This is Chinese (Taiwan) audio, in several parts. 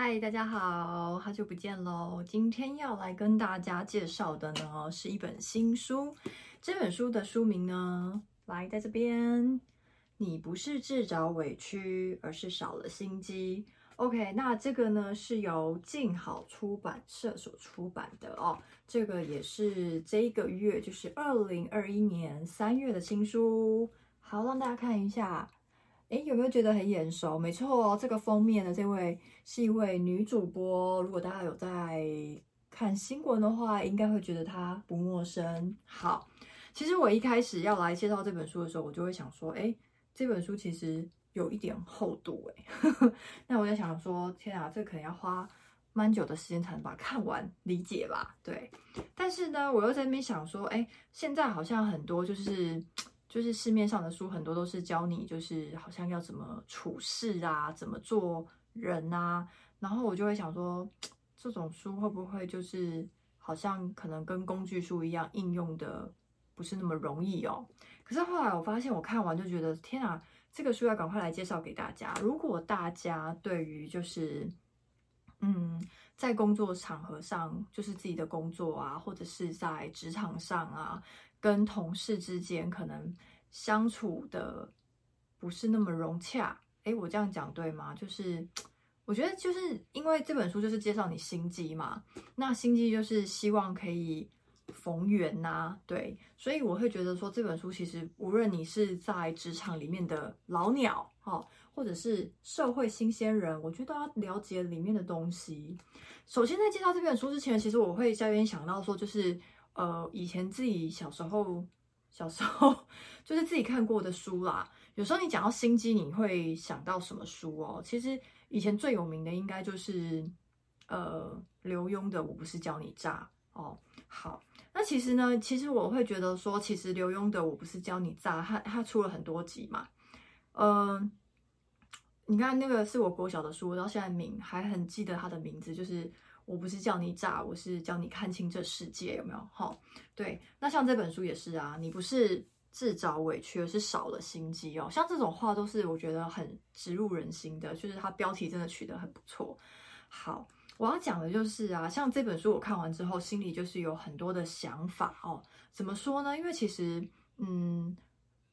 嗨，大家好，好久不見嘍！今天要來跟大家介紹的呢，是一本新書。這本書的書名呢，來在這邊。你不是自找委屈，而是少了心機。OK，那這個呢是由境好出版社所出版的哦。這個也是這個月，就是二零二一年三月的新書。好，讓大家看一下。誒、欸、有沒有覺得很眼熟？沒錯哦，這個封面的這位是一位女主播。如果大家有在看新聞的話，應該會覺得她不陌生。好，其實我一開始要來介紹這本書的時候，我就會想說，誒、欸、這本書其實有一點厚度哎、欸。 那我就想說，天啊，這個、可能要花蠻久的時間才能把它看完理解吧？對。但是呢，我又在那邊想說，誒、欸、現在好像很多就是。就是市面上的書很多都是教你，就是好像要怎麼處事啊，怎麼做人啊。然後我就會想說，這種書會不會就是好像可能跟工具書一樣，應用的不是那麼容易哦？可是後來我發現，我看完就覺得，天啊，這個書要趕快來介紹給大家。如果大家對於就是，嗯，在工作場合上，就是自己的工作啊，或者是在職場上啊。跟同事之間可能相處的不是那麼融洽，誒、欸，我這樣講對嗎？就是我覺得，就是因為這本書就是介紹你心機嘛，那心機就是希望可以逢源吶、啊，對，所以我會覺得說這本書其實無論你是在職場裡面的老鳥哦，或者是社會新鮮人，我覺得都要了解裡面的東西。首先在介紹這本書之前，其實我會在一邊想到說，就是。呃，以前自己小時候，小時候就是自己看過的書啦。有時候你講到心機，你會想到什麼書哦、喔？其實以前最有名的應該就是呃劉墉的《我不是教你詐》哦、喔。好，那其實呢，其實我會覺得說，其實劉墉的《我不是教你詐》它，他他出了很多集嘛。嗯、呃，你看那個是我國小的書，我到現在名還很記得他的名字，就是。我不是叫你炸，我是叫你看清這世界有沒有哈？Oh, 對，那像這本書也是啊，你不是自找委屈，而是少了心機哦。像這種話都是我覺得很直入人心的，就是它標題真的取得很不錯。好，我要講的就是啊，像這本書我看完之後，心裡就是有很多的想法哦。怎麼說呢？因為其實，嗯。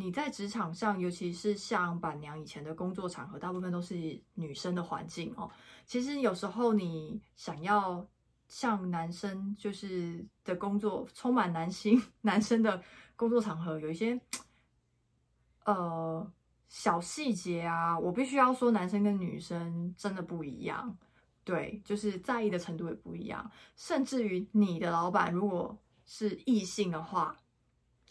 你在職場上，尤其是像板娘以前的工作場合，大部分都是女生的環境哦。其實有時候你想要像男生就是的工作，充滿男性男生的工作場合，有一些呃小細節啊，我必須要說，男生跟女生真的不一樣，對，就是在意的程度也不一樣，甚至於你的老板如果是異性的話，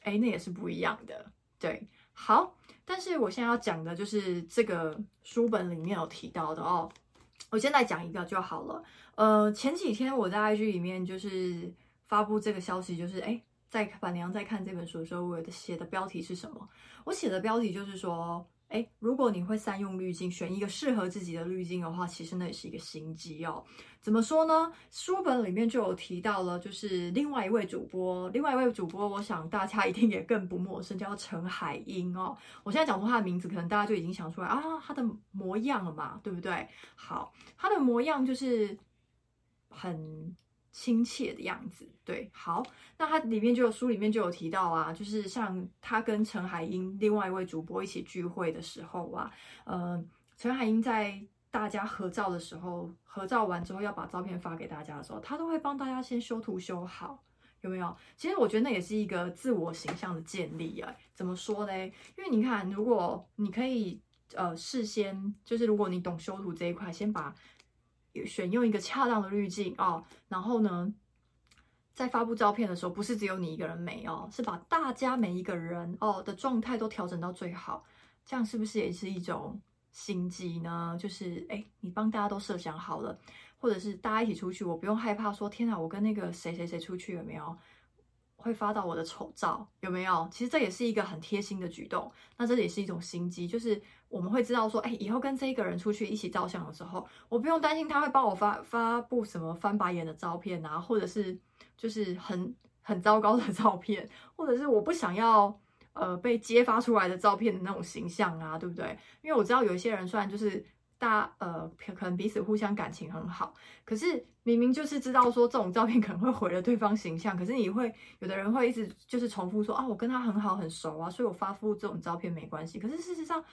欸，那也是不一樣的。對，好，但是我現在要講的就是這個書本裡面有提到的哦，我現在講一個就好了。呃，前幾天我在 IG 裡面就是發布這個消息，就是哎，在板娘在看這本書的時候，我的寫的標題是什麼？我寫的標題就是說。哎，如果你會三用濾鏡，選一個適合自己的濾鏡的話，其實那也是一個心機哦。怎麼說呢？書本裡面就有提到了，就是另外一位主播，另外一位主播，我想大家一定也更不陌生，叫陳海茵哦。我現在講出他的名字，可能大家就已經想出來啊，他的模樣了嘛，對不對？好，他的模樣就是很。親切的樣子，對，好，那他裡面就有書裡面就有提到啊，就是像他跟陳海英另外一位主播一起聚會的時候啊，嗯、呃，陳海英在大家合照的時候，合照完之後要把照片發給大家的時候，他都會幫大家先修圖修好，有沒有？其實我覺得那也是一個自我形象的建立啊，怎麼說勒？因為你看，如果你可以呃事先，就是如果你懂修圖這一塊，先把。選用一個恰當的濾鏡哦，然後呢，在發布照片的時候，不是只有你一個人美哦，是把大家每一個人哦的狀態都調整到最好，這樣是不是也是一種心機呢？就是哎、欸，你幫大家都設想好了，或者是大家一起出去，我不用害怕說天哪，我跟那個誰誰誰出去有沒有會發到我的醜照？有沒有？其實這也是一個很貼心的舉動，那這也是一種心機，就是。我們會知道說，哎、欸，以後跟這一個人出去一起照相的時候，我不用擔心他會幫我發發布什麼翻白眼的照片，啊，或者是就是很很糟糕的照片，或者是我不想要呃被揭發出來的照片的那種形象啊，對不對？因為我知道有一些人雖然就是大呃可能彼此互相感情很好，可是明明就是知道說這種照片可能會毀了對方形象，可是你會有的人會一直就是重複說啊，我跟他很好很熟啊，所以我發布這種照片沒關係。可是事實上。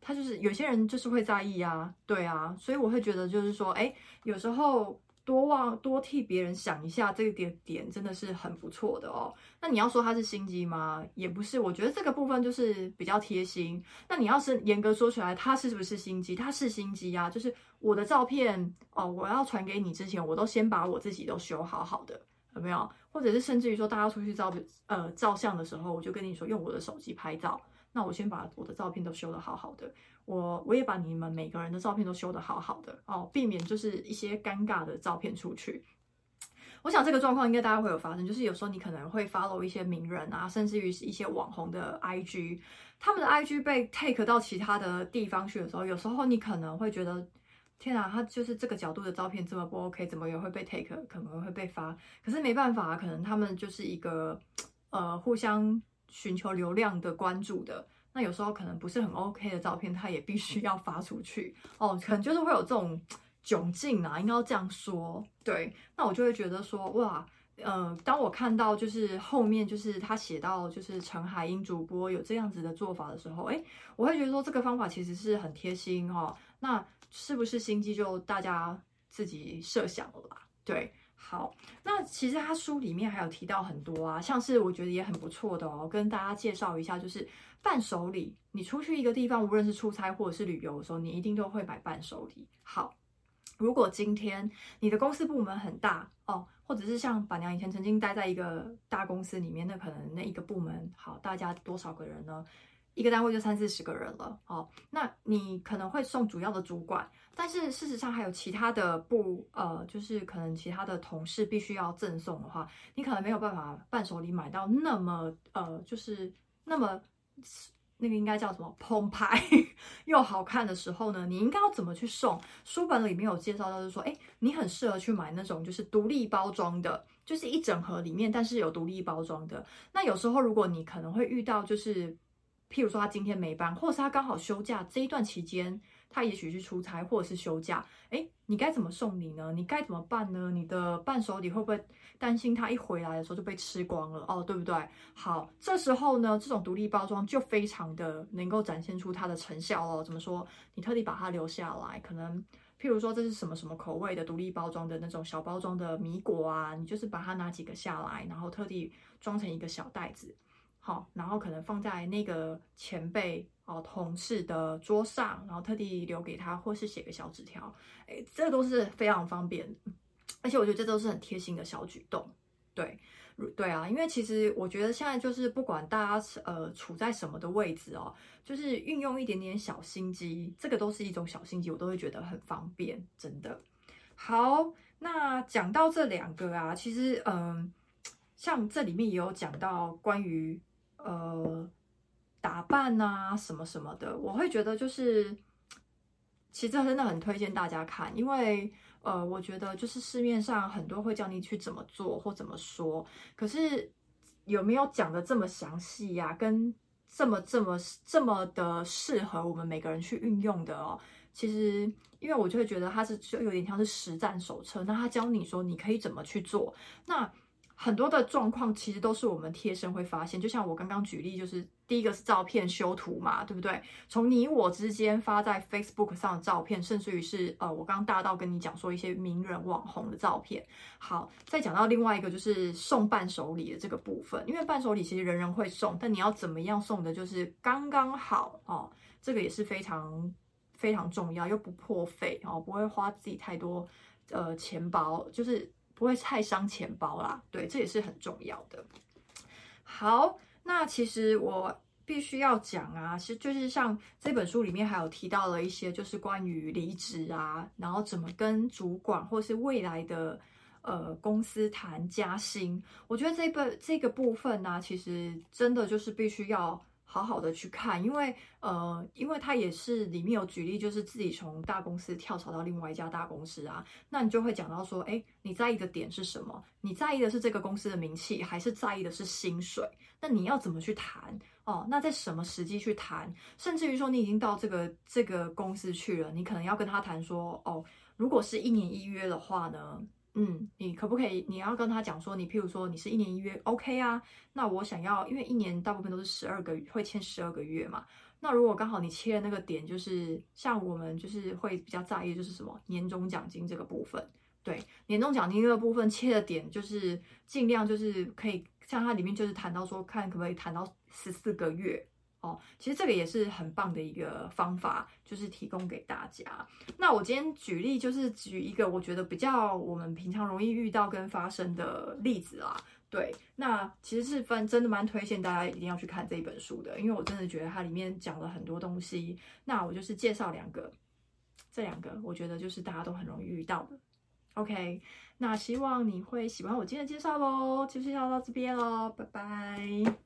他就是有些人就是會在意啊，對啊，所以我會覺得就是說，誒，有時候多望多替別人想一下這一點點真的是很不錯的哦。那你要說他是心機嗎？也不是，我覺得這個部分就是比較貼心。那你要是嚴格說出來，他是不是心機？他是心機啊，就是我的照片哦，我要傳給你之前，我都先把我自己都修好好的，有沒有？或者是甚至於說，大家出去照呃照相的時候，我就跟你說用我的手機拍照。那我先把我的照片都修得好好的，我我也把你們每個人的照片都修得好好的哦，避免就是一些尷尬的照片出去。我想這個狀況應該大家會有發生，就是有時候你可能會 follow 一些名人啊，甚至於是一些網紅的 IG，他們的 IG 被 take 到其他的地方去的時候，有時候你可能會覺得，天啊，他就是這個角度的照片這麼不 OK，怎麼也會被 take，可能會被發，可是沒辦法，可能他們就是一個呃互相。尋求流量的關注的，那有時候可能不是很 OK 的照片，他也必須要發出去哦，可能就是會有這種窘境啊，應該要這樣說。對，那我就會覺得說，哇，嗯、呃，當我看到就是後面就是他寫到就是陳海英主播有這樣子的做法的時候，哎、欸，我會覺得說這個方法其實是很貼心哦。那是不是心機就大家自己設想了吧？對。好，那其實他書裡面還有提到很多啊，像是我覺得也很不錯的哦，跟大家介紹一下，就是伴手禮。你出去一個地方，無論是出差或者是旅遊的時候，你一定都會買伴手禮。好，如果今天你的公司部門很大哦，或者是像板娘以前曾經待在一個大公司裡面，那可能那一個部門好，大家多少個人呢？一個單位就三四十個人了哦，那你可能會送主要的主管，但是事實上還有其他的部，呃，就是可能其他的同事必須要贈送的話，你可能沒有辦法伴手禮買到那麼，呃，就是那麼那個應該叫什麼澎湃又好看的時候呢？你應該要怎麼去送？書本裡面有介紹到，就是說，誒，你很適合去買那種就是獨立包裝的，就是一整盒裡面，但是有獨立包裝的。那有時候如果你可能會遇到就是。譬如說他今天沒班，或者是他剛好休假，這一段期間他也許去出差或者是休假，誒、欸、你該怎麼送禮呢？你該怎麼辦呢？你的伴手禮會不會擔心他一回來的時候就被吃光了？哦，對不對？好，這時候呢，這種獨立包裝就非常的能夠展現出它的成效哦。怎麼說？你特地把它留下來，可能譬如說這是什麼什麼口味的獨立包裝的那種小包裝的米果啊，你就是把它拿幾個下來，然後特地裝成一個小袋子。好，然後可能放在那個前輩哦，同事的桌上，然後特地留給他，或是寫個小紙條，哎，這都是非常方便，而且我覺得這都是很貼心的小舉動，對，對啊，因為其實我覺得現在就是不管大家呃處在什麼的位置哦，就是運用一點點小心機，這個都是一種小心機，我都會覺得很方便，真的。好，那講到這兩個啊，其實嗯、呃，像這裡面也有講到關於。呃，打扮啊，什麼什麼的，我會覺得就是，其實真的很推薦大家看，因為呃，我覺得就是市面上很多會教你去怎麼做或怎麼說，可是有沒有講得這麼詳細呀？跟這麼這麼這麼的適合我們每個人去運用的哦、喔。其實，因為我就會覺得它是就有點像是實戰手冊，那他教你說你可以怎麼去做，那。很多的狀況其實都是我們貼身會發現，就像我剛剛舉例，就是第一個是照片修圖嘛，對不對？從你我之間發在 Facebook 上的照片，甚至於是呃，我剛剛大到跟你講說一些名人網紅的照片。好，再講到另外一個就是送伴手禮的這個部分，因為伴手禮其實人人會送，但你要怎麼樣送的，就是剛剛好哦，這個也是非常非常重要，又不破費哦，不會花自己太多呃錢包，就是。不會太傷錢包啦，對，這也是很重要的。好，那其實我必須要講啊，其實就是像這本書裡面還有提到了一些，就是關於離職啊，然後怎麼跟主管或是未來的呃公司談加薪。我覺得這個這個部分呢，啊，其實真的就是必須要。好好的去看，因為呃，因為他也是裡面有舉例，就是自己從大公司跳槽到另外一家大公司啊，那你就會講到說，哎、欸，你在意的點是什麼？你在意的是這個公司的名氣，還是在意的是薪水？那你要怎麼去談？哦，那在什麼時機去談？甚至於說你已經到這個這個公司去了，你可能要跟他談說，哦，如果是一年一約的話呢？嗯，你可不可以？你要跟他講說你，你譬如說你是一年一月 OK 啊？那我想要，因為一年大部分都是十二個月，會簽十二個月嘛。那如果剛好你切的那個點，就是像我們就是會比較在意，就是什麼年終獎金這個部分。對，年終獎金這個部分切的點，就是盡量就是可以像它裡面就是談到說，看可不可以談到十四個月。其實這個也是很棒的一個方法，就是提供給大家。那我今天舉例，就是舉一個我覺得比較我們平常容易遇到跟發生的例子啦。對，那其實是分真的蠻推薦大家一定要去看這一本書的，因為我真的覺得它裡面講了很多東西。那我就是介紹兩個，這兩個我覺得就是大家都很容易遇到的。OK，那希望你會喜歡我今天的介紹咯。就介紹到這邊咯，拜拜。